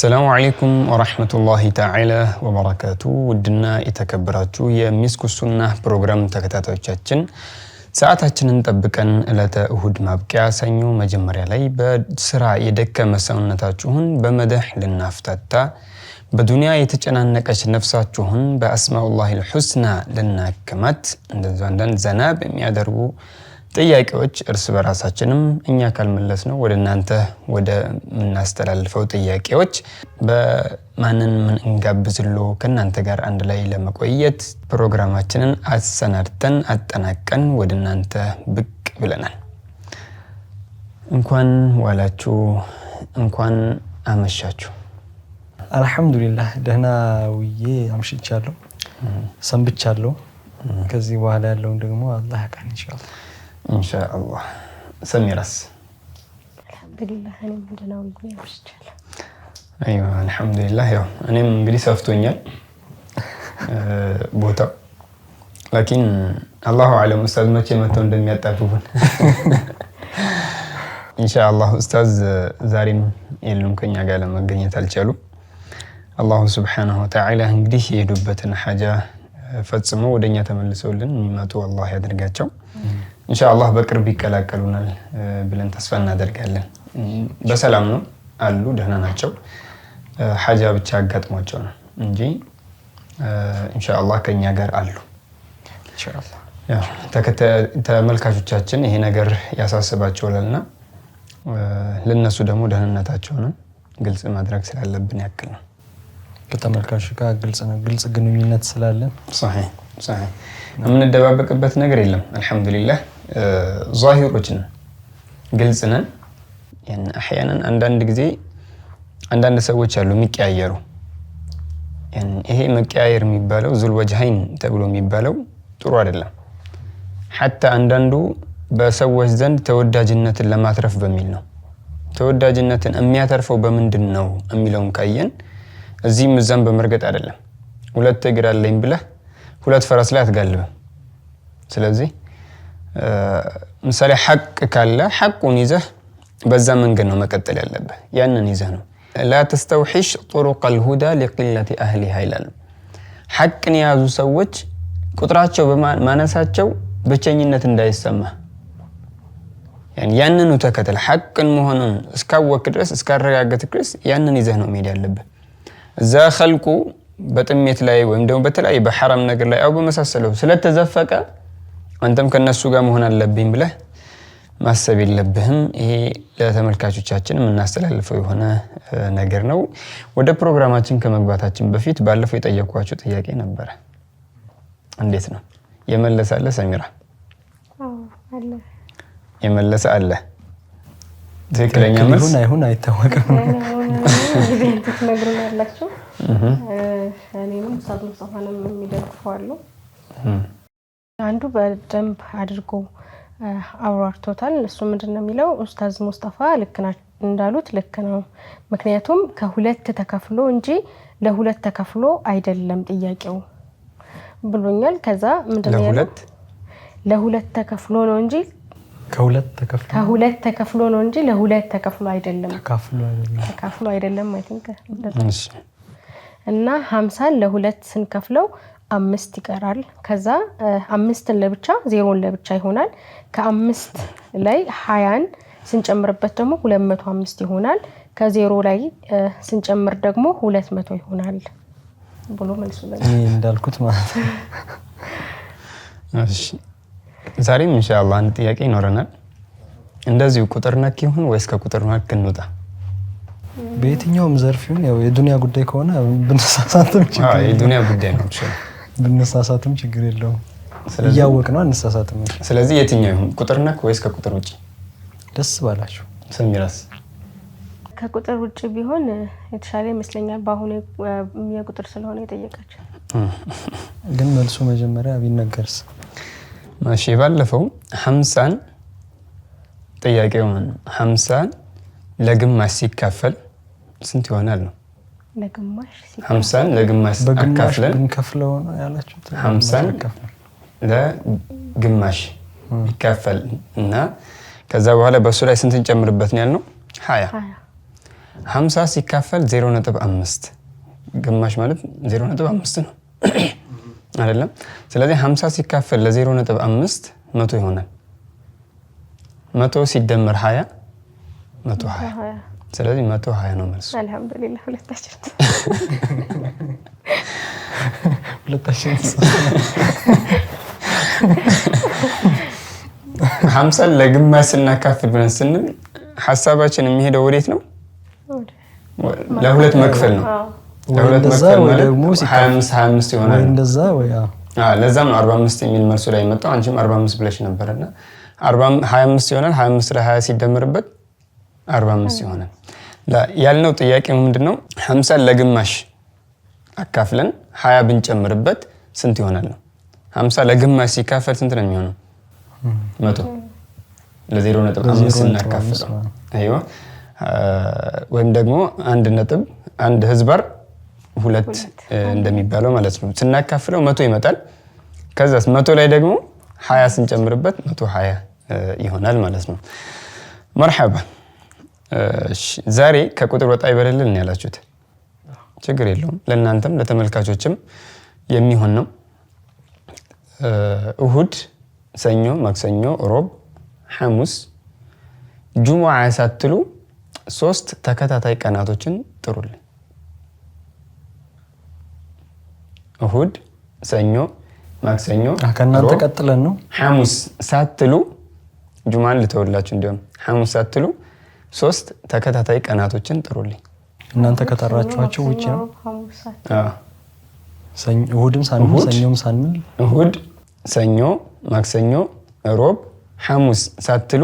አሰላሙ አለይኩም ወራህመቱላሂ ተዓላ ወበረካቱ። ውድና የተከበራችሁ የሚስኩ ሱና ፕሮግራም ተከታታዮቻችን ሰዓታችንን ጠብቀን ዕለተ እሁድ ማብቂያ ሰኞ መጀመሪያ ላይ በስራ የደከመ ሰውነታችሁን በመድህ ልናፍታታ በዱንያ የተጨናነቀች ነፍሳችሁን በአስማኡላሂል ሑስና ልናክማት እንደዚ አንዳንድ ዘና በሚያደርጉ ጥያቄዎች እርስ በራሳችንም እኛ ካልመለስ ነው ወደ እናንተ ወደ ምናስተላልፈው ጥያቄዎች በማንን ምን እንጋብዝሎ ከእናንተ ጋር አንድ ላይ ለመቆየት ፕሮግራማችንን አሰናድተን አጠናቀን ወደ እናንተ ብቅ ብለናል። እንኳን ዋላችሁ፣ እንኳን አመሻችሁ። አልሐምዱሊላህ ደህና ውዬ አምሽቻለሁ፣ ሰንብቻለሁ። ከዚህ በኋላ ያለውን ደግሞ አላህ ያውቃል ኢንሻላህ ኢንሻአላህ ሰሚራስ አልሐምዱሊላህ እኔም ደህና ነኝ አምሽቻለሁ። አይዋ አልሐምዱሊላህ። ያው እኔም እንግዲህ ሰፍቶኛል ቦታው ላኪን አላሁ አለም ኡስታዝ መቼ መጥተው እንደሚያጣብቡን ኢንሻአላህ። ኡስታዝ ዛሬም የሉም ከኛ ጋር ለመገኘት አልቻሉም። አላሁ ስብሓነሁ ወተዓላ እንግዲህ የሄዱበትን ሐጃ ፈጽሞ ወደኛ ተመልሰውልን የሚመጡ አላህ ያድርጋቸው። እንሻአላህ በቅርብ ይቀላቀሉናል ብለን ተስፋ እናደርጋለን። በሰላም ነው አሉ፣ ደህና ናቸው። ሐጃ ብቻ አጋጥሟቸው ነው እንጂ ኢንሻአላህ ከኛ ጋር አሉ። ተመልካቾቻችን ይሄ ነገር ያሳስባቸዋልና ለነሱ ደግሞ ደህንነታቸውንም ግልጽ ማድረግ ስላለብን ያክል ነው። ከተመልካቾች ጋር ግልጽ ነው፣ ግልጽ ግንኙነት ስላለን የምንደባበቅበት ነገር የለም። አልሐምዱሊላህ ዛሂሮች ነን፣ ግልጽ ነን። አንዳንድ ጊዜ አንዳንድ ሰዎች አሉ የሚቀያየሩ። ይሄ መቀያየር የሚባለው ዙልወጅሃይን ተብሎ የሚባለው ጥሩ አይደለም። ሐታ አንዳንዱ በሰዎች ዘንድ ተወዳጅነትን ለማትረፍ በሚል ነው። ተወዳጅነትን የሚያተርፈው በምንድን ነው የሚለውን ካየን እዚህም እዛም በመርገጥ አይደለም። ሁለት እግር አለኝ ብለህ ሁለት ፈረስ ላይ አትጋልብም። ስለዚህ ምሳሌ ሐቅ ካለ ሐቁን ይዘህ በዛ መንገድ ነው መቀጠል ያለብህ፣ ያንን ይዘህ ነው። ላ ተስተውሒሽ ጡሩቀል ሁዳ ሊቅለት አህሊሃ ይላሉ። ሐቅን የያዙ ሰዎች ቁጥራቸው በማነሳቸው ብቸኝነት እንዳይሰማ ያንኑ ተከተል። ሐቅን መሆኑን እስካወቅ ድረስ እስካረጋገጥ ድረስ ያንን ይዘህ ነው መሄድ ያለብህ። እዛ ኸልቁ በጥሜት ላይ ወይም ደግሞ በተለያዩ በሐራም ነገር ላይ አው በመሳሰለው ስለተዘፈቀ አንተም ከእነሱ ጋር መሆን አለብኝ ብለህ ማሰብ የለብህም። ይሄ ለተመልካቾቻችን የምናስተላልፈው የሆነ ነገር ነው። ወደ ፕሮግራማችን ከመግባታችን በፊት ባለፈው የጠየኳቸው ጥያቄ ነበረ። እንዴት ነው የመለሰ አለ? ሰሚራ የመለሰ አለ? ትክክለኛ መልስ አይሁን አይታወቅም። ትነግሩናላችሁ። እኔንም ሳብ ሙስጠፋንም የሚደግፈዋሉ አንዱ በደንብ አድርጎ አብሯርቶታል። እሱ ምንድን ነው የሚለው ኡስታዝ ሙስጠፋ ልክ እንዳሉት ልክ ነው። ምክንያቱም ከሁለት ተከፍሎ እንጂ ለሁለት ተከፍሎ አይደለም ጥያቄው ብሎኛል። ከዛ ምንድን ነው ለሁለት ተከፍሎ ነው እንጂ ከሁለት ተከፍሎ ነው እንጂ ለሁለት ተከፍሎ አይደለም ተካፍሎ አይደለም። እና ሀምሳን ለሁለት ስንከፍለው አምስት ይቀራል። ከዛ አምስትን ለብቻ ዜሮን ለብቻ ይሆናል። ከአምስት ላይ ሀያን ስንጨምርበት ደግሞ ሁለት መቶ አምስት ይሆናል። ከዜሮ ላይ ስንጨምር ደግሞ ሁለት መቶ ይሆናል ብሎ መልሱ እንዳልኩት ማለት ነው። ዛሬም እንሻላ አንድ ጥያቄ ይኖረናል። እንደዚሁ ቁጥር ነክ ይሁን ወይስ ከቁጥር ነክ እንውጣ? በየትኛውም ዘርፍ ይሁን ያው የዱንያ ጉዳይ ከሆነ ብንሳሳትም የዱኒያ ጉዳይ ነው። ብንሳሳትም ችግር የለውም እያወቅ ነው አንሳሳትም። ስለዚህ የትኛው ይሁን ቁጥር ነክ ወይስ ከቁጥር ውጭ? ደስ ባላችሁ። ስሚራስ ከቁጥር ውጭ ቢሆን የተሻለ ይመስለኛል። በአሁኑ የቁጥር ስለሆነ የጠየቃቸው ግን መልሱ መጀመሪያ ቢነገርስ? እሺ ባለፈው ሀምሳን ጥያቄው ሀምሳን ለግማሽ ሲካፈል ስንት ይሆናል ነው ሀምሳን ለግማሽ አካፍለን ሀምሳን ለግማሽ ይካፈል እና ከዛ በኋላ በእሱ ላይ ስንት እንጨምርበት ነው ያልነው? ሀያ ሀምሳ ሲካፈል ዜሮ ነጥብ አምስት ግማሽ ማለት ዜሮ ነጥብ አምስት ነው አይደለም? ስለዚህ ሀምሳ ሲካፈል ለዜሮ ነጥብ አምስት መቶ ይሆናል። መቶ ሲደመር ሀያ መቶ ሀያ ስለዚህ መቶ ሀያ ነው መልሱ። አልሐምዱሊላ ሁለታችን ሁለታችን ሀምሳን ለግማሽ ስናካፍል ብለን ስንል ሀሳባችን የሚሄደው ወዴት ነው? ለሁለት መክፈል ነው። ለሁለት ለዛም ነው አርባ አምስት የሚል መልሱ ላይ መጣው። አንቺም አርባ አምስት ብለሽ ነበረና ሀያ አምስት ይሆናል። ሀያ አምስት ለሀያ ሲደምርበት አርባ አምስት ይሆናል። ያልነው ጥያቄ ምንድን ነው? ሀምሳን ለግማሽ አካፍለን ሀያ ብንጨምርበት ስንት ይሆናል ነው። ሀምሳ ለግማሽ ሲካፈል ስንት ነው የሚሆነው? መቶ ለዜሮ ነጥብ አምስት ስናካፍለው ወይም ደግሞ አንድ ነጥብ አንድ ህዝባር ሁለት እንደሚባለው ማለት ነው። ስናካፍለው መቶ ይመጣል። ከዛ መቶ ላይ ደግሞ ሀያ ስንጨምርበት መቶ ሀያ ይሆናል ማለት ነው። መርሐባ ዛሬ ከቁጥር ወጣ ይበልልን ያላችሁት ችግር የለውም። ለእናንተም ለተመልካቾችም የሚሆን ነው። እሁድ፣ ሰኞ፣ ማክሰኞ፣ ሮብ፣ ሐሙስ፣ ጁሙዓ ሳትሉ ሶስት ተከታታይ ቀናቶችን ጥሩልን። እሁድ፣ ሰኞ፣ ማክሰኞ ከእናንተ ቀጥለን ነው ሐሙስ ሳትሉ ጁማን ልተወላችሁ እንዲሆን ሐሙስ ሳትሉ ሶስት ተከታታይ ቀናቶችን ጥሩልኝ። እናንተ ከጠራችኋቸው ውጭ ነው። እሁድም ሳንል ሰኞም ሳንል እሁድ፣ ሰኞ፣ ማክሰኞ፣ ሮብ፣ ሐሙስ ሳትሉ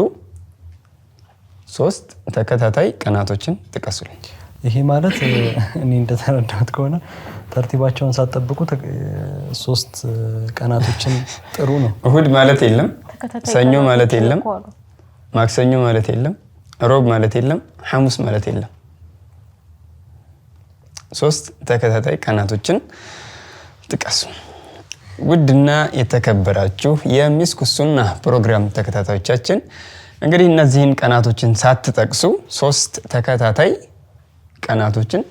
ሶስት ተከታታይ ቀናቶችን ጥቀሱልኝ። ይሄ ማለት እኔ እንደተረዳሁት ከሆነ ተርቲባቸውን ሳትጠብቁ ሶስት ቀናቶችን ጥሩ ነው። እሁድ ማለት የለም፣ ሰኞ ማለት የለም፣ ማክሰኞ ማለት የለም ሮብ ማለት የለም፣ ሐሙስ ማለት የለም። ሶስት ተከታታይ ቀናቶችን ጥቀሱ። ውድና የተከበራችሁ የሚስኩሱና ፕሮግራም ተከታታዮቻችን እንግዲህ እነዚህን ቀናቶችን ሳትጠቅሱ ሶስት ተከታታይ ቀናቶችን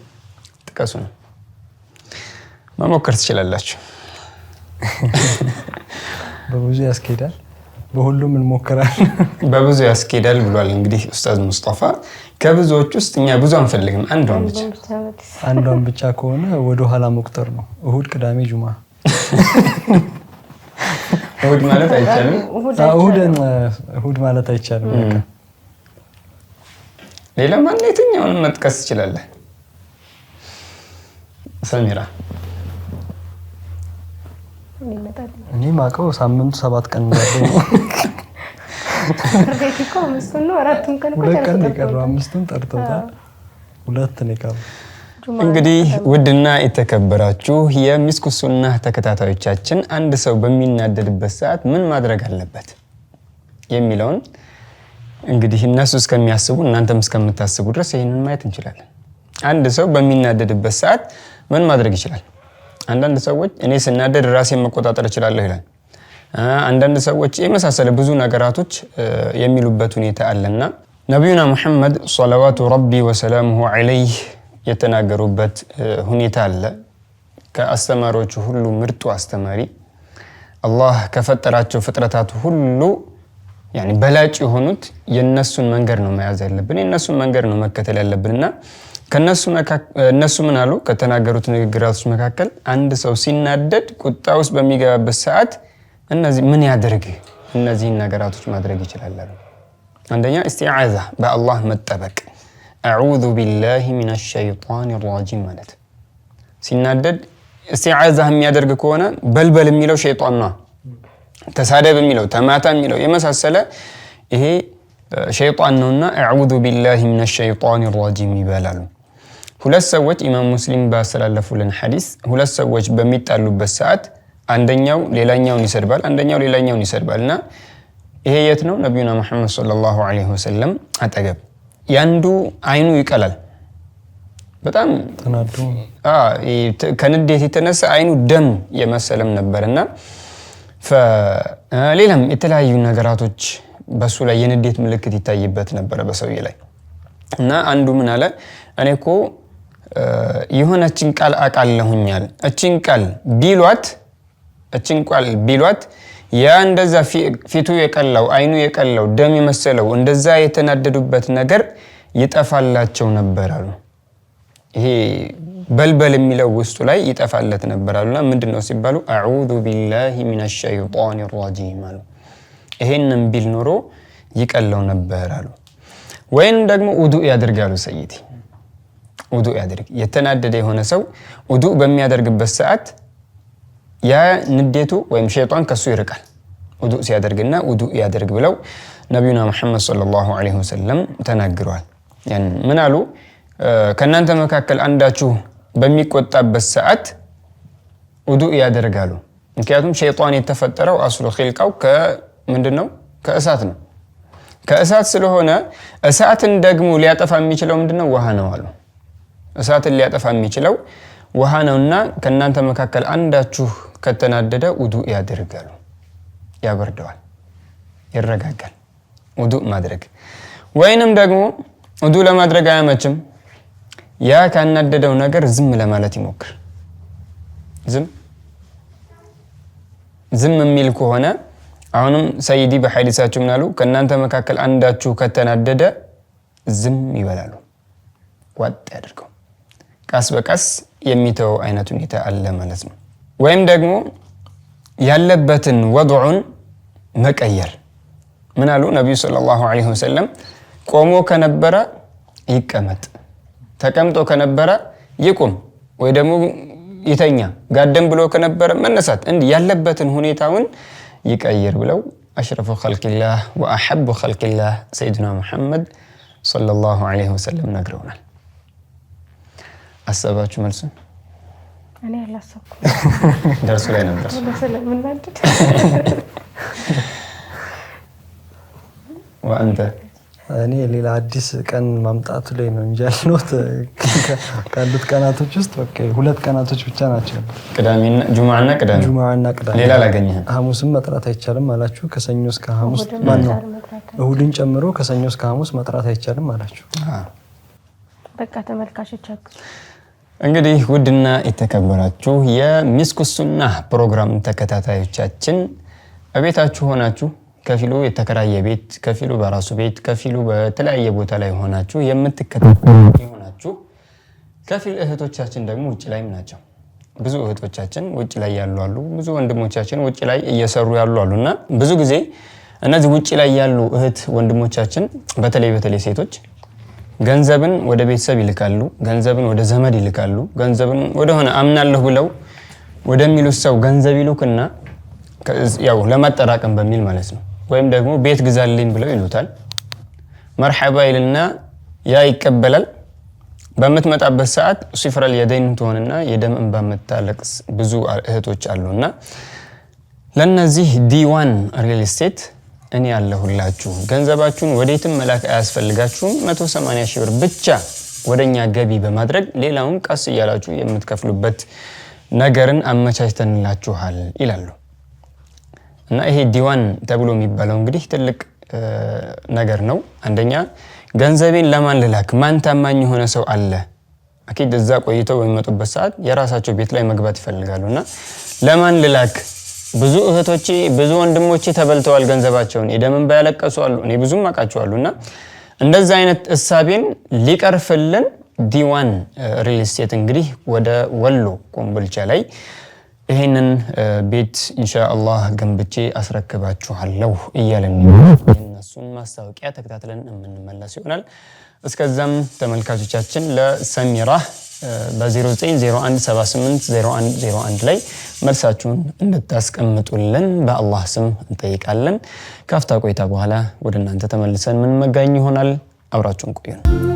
ጥቀሱ ነው። መሞከር ትችላላችሁ። በብዙ ያስኬዳል። በሁሉም እንሞክራለን። በብዙ ያስኬዳል ብሏል። እንግዲህ ኡስታዝ ሙስጠፋ ከብዙዎች ውስጥ እኛ ብዙ አንፈልግም፣ አንዷን ብቻ አንዷን ብቻ ከሆነ ወደኋላ መቁጠር ነው። እሁድ፣ ቅዳሜ፣ ጁማ። እሁድ ማለት አይቻልም። እሁድ ማለት አይቻልም። ሌላ ማን የትኛውንም መጥቀስ ትችላለህ ሰሚራ? እኔ ማውቀው ሳምንቱ ሰባት ቀን ቤት እኮ አምስቱን ነው አራቱን ቀን ሁለት ቀን የቀረው አምስቱን ሁለት ነው የቀረው። እንግዲህ ውድና የተከበራችሁ የሚስኩሱና ተከታታዮቻችን አንድ ሰው በሚናደድበት ሰዓት ምን ማድረግ አለበት የሚለውን እንግዲህ እነሱ እስከሚያስቡ እናንተም እስከምታስቡ ድረስ ይህንን ማየት እንችላለን። አንድ ሰው በሚናደድበት ሰዓት ምን ማድረግ ይችላል? አንዳንድ ሰዎች እኔ ስናደድ ራሴን መቆጣጠር እችላለሁ ይላል። አንዳንድ ሰዎች የመሳሰለ ብዙ ነገራቶች የሚሉበት ሁኔታ አለና ነቢዩና ሙሐመድ ሰለዋቱ ረቢ ወሰላሙሁ ዐለይህ የተናገሩበት ሁኔታ አለ። ከአስተማሪዎቹ ሁሉ ምርጡ አስተማሪ አላህ ከፈጠራቸው ፍጥረታት ሁሉ በላጭ የሆኑት የእነሱን መንገድ ነው መያዝ ያለብን፣ የእነሱን መንገድ ነው መከተል ያለብን እነሱ ምን አሉ? ከተናገሩት ንግግራቶች መካከል አንድ ሰው ሲናደድ ቁጣ ውስጥ በሚገባበት ሰዓት እነዚህ ምን ያደርግ እነዚህን ነገራቶች ማድረግ ይችላል አሉ። አንደኛ እስቲዓዛ በአላህ መጠበቅ፣ አዑዙ ቢላሂ ሚነ ሸይጣን ራጂም ማለት ሲናደድ እስቲዓዛ የሚያደርግ ከሆነ በልበል የሚለው ሸይጣን ነው። ተሳደብ የሚለው ተማታ የሚለው የመሳሰለ ይሄ ሸይጣን ነውና አዑዙ ቢላሂ ሚነ ሸይጣን ራጂም ይበላሉ። ሁለት ሰዎች ኢማም ሙስሊም ባስተላለፉልን ሐዲስ ሁለት ሰዎች በሚጣሉበት ሰዓት አንደኛው ሌላኛውን ይሰድባል፣ አንደኛው ሌላኛውን ይሰድባል እና ይሄ የት ነው? ነቢዩና ሙሐመድ ሰለላሁ ዐለይሂ ወሰለም አጠገብ ያንዱ አይኑ ይቀላል። በጣም ከንዴት የተነሳ አይኑ ደም የመሰለም ነበርና ሌላም የተለያዩ ነገራቶች በሱ ላይ የንዴት ምልክት ይታይበት ነበረ በሰውዬ ላይ እና አንዱ ምን አለ እኔ እኮ የሆነችን ቃል አቃለሁኛል እችን ቃል ቢሏት እችን ቃል ቢሏት ያ እንደዛ ፊቱ የቀላው አይኑ የቀላው ደም የመሰለው እንደዛ የተናደዱበት ነገር ይጠፋላቸው ነበር አሉ። ይሄ በልበል የሚለው ውስጡ ላይ ይጠፋለት ነበር አሉና ምንድን ነው ሲባሉ አዑዙ ቢላሂ ሚነ ሸይጣን ራጂም አሉ። ይሄንን ቢል ኖሮ ይቀለው ነበር አሉ። ወይም ደግሞ ውዱእ ያደርጋሉ ሰይዲ ውዱ ያድርግ። የተናደደ የሆነ ሰው ውዱ በሚያደርግበት ሰዓት ያ ንዴቱ ወይም ሸይጣን ከሱ ይርቃል። ውዱ ሲያደርግና ውዱ ያደርግ ብለው ነቢዩና ሙሐመድ ሰለላሁ ዐለይሂ ወሰለም ተናግረዋል። ምን አሉ? ከእናንተ መካከል አንዳችሁ በሚቆጣበት ሰዓት ውዱ ያደርጋሉ። ምክንያቱም ሸይጣን የተፈጠረው አስሉ ኺልቃው ምንድን ነው? ከእሳት ነው። ከእሳት ስለሆነ እሳትን ደግሞ ሊያጠፋ የሚችለው ምንድነው ውሃ ነው አሉ እሳትን ሊያጠፋ የሚችለው ውሃ ነውና ከእናንተ መካከል አንዳችሁ ከተናደደ ውዱ ያደርጋሉ። ያበርደዋል፣ ይረጋጋል። ውዱ ማድረግ ወይንም ደግሞ ውዱ ለማድረግ አያመችም። ያ ካናደደው ነገር ዝም ለማለት ይሞክር። ዝም ዝም የሚል ከሆነ አሁንም ሰይዲ በሐዲሳቸው ምናሉ ከእናንተ መካከል አንዳችሁ ከተናደደ ዝም ይበላሉ፣ ዋጥ ያደርገው ቀስ በቀስ የሚተው አይነት ሁኔታ አለ ማለት ነው። ወይም ደግሞ ያለበትን ወድዑን መቀየር ምን አሉ ነቢዩ ሰለላሁ ዐለይሂ ወሰለም፣ ቆሞ ከነበረ ይቀመጥ፣ ተቀምጦ ከነበረ ይቁም፣ ወይ ደግሞ ይተኛ፣ ጋደም ብሎ ከነበረ መነሳት፣ እንዲህ ያለበትን ሁኔታውን ይቀይር ብለው አሽረፉ ኸልቂላህ ወአሐቡ ኸልቂላህ ሰይድና ሙሐመድ ሰለላሁ ዐለይሂ ወሰለም ነግረውናል። አሰባችሁ መልሱ? እኔ አላሰብኩም። ደርሱ ላይ ነበር ስለምናድድ አንተ እኔ ሌላ አዲስ ቀን ማምጣቱ ላይ ነው እንጂ ያልነውት ካሉት ቀናቶች ውስጥ በቃ ሁለት ቀናቶች ብቻ ናቸው። ቅዳሜና ጁማና ቅዳሜ ጁማና ቅዳሜ ሌላ አላገኘህም። ሐሙስም መጥራት አይቻልም አላችሁ። ከሰኞ እስከ ሐሙስ ማን ነው? እሁድን ጨምሮ ከሰኞ እስከ ሐሙስ መጥራት አይቻልም አላችሁ። በቃ ተመልካቾች እንግዲህ ውድና የተከበራችሁ የሚስኩሱና ፕሮግራም ተከታታዮቻችን እቤታችሁ ሆናችሁ ከፊሉ የተከራየ ቤት፣ ከፊሉ በራሱ ቤት፣ ከፊሉ በተለያየ ቦታ ላይ ሆናችሁ የምትከታተሉ የሆናችሁ ከፊል እህቶቻችን ደግሞ ውጭ ላይም ናቸው። ብዙ እህቶቻችን ውጭ ላይ ያሉ አሉ። ብዙ ወንድሞቻችን ውጭ ላይ እየሰሩ ያሉ አሉ እና ብዙ ጊዜ እነዚህ ውጭ ላይ ያሉ እህት ወንድሞቻችን በተለይ በተለይ ሴቶች ገንዘብን ወደ ቤተሰብ ይልካሉ፣ ገንዘብን ወደ ዘመድ ይልካሉ፣ ገንዘብን ወደሆነ አምናለሁ ብለው ወደሚሉት ሰው ገንዘብ ይሉክና ያው ለማጠራቀም በሚል ማለት ነው። ወይም ደግሞ ቤት ግዛልኝ ብለው ይሉታል። መርሐባ ይልና ያ ይቀበላል። በምትመጣበት ሰዓት ሲፍረል የደይን ትሆንና የደም እንባ የምታለቅስ ብዙ እህቶች አሉና ለእነዚህ ዲዋን ሪል ስቴት እኔ ያለሁላችሁ ገንዘባችሁን ወዴትም መላክ አያስፈልጋችሁም። 180 ሺህ ብር ብቻ ወደኛ ገቢ በማድረግ ሌላውን ቀስ እያላችሁ የምትከፍሉበት ነገርን አመቻችተንላችኋል ይላሉ እና ይሄ ዲዋን ተብሎ የሚባለው እንግዲህ ትልቅ ነገር ነው። አንደኛ ገንዘቤን ለማን ልላክ? ማን ታማኝ የሆነ ሰው አለ? አኪድ እዛ ቆይተው በሚመጡበት ሰዓት የራሳቸው ቤት ላይ መግባት ይፈልጋሉ እና ለማን ልላክ ብዙ እህቶቼ ብዙ ወንድሞቼ ተበልተዋል ገንዘባቸውን የደምን ባያለቀሱ አሉ። እኔ ብዙም አውቃቸዋለሁ። እና እንደዚ አይነት እሳቤን ሊቀርፍልን ዲዋን ሪል ስቴት እንግዲህ ወደ ወሎ ኮምቦልቻ ላይ ይህንን ቤት ኢንሻአላህ ገንብቼ አስረክባችኋለሁ እያለን የእነሱን ማስታወቂያ ተከታትለን የምንመለስ ይሆናል። እስከዛም ተመልካቾቻችን ለሰሚራ በ0901780101 ላይ መልሳችሁን እንድታስቀምጡልን በአላህ ስም እንጠይቃለን። ከአፍታ ቆይታ በኋላ ወደ እናንተ ተመልሰን ምንመጋኝ ይሆናል። አብራችሁን ቆዩን።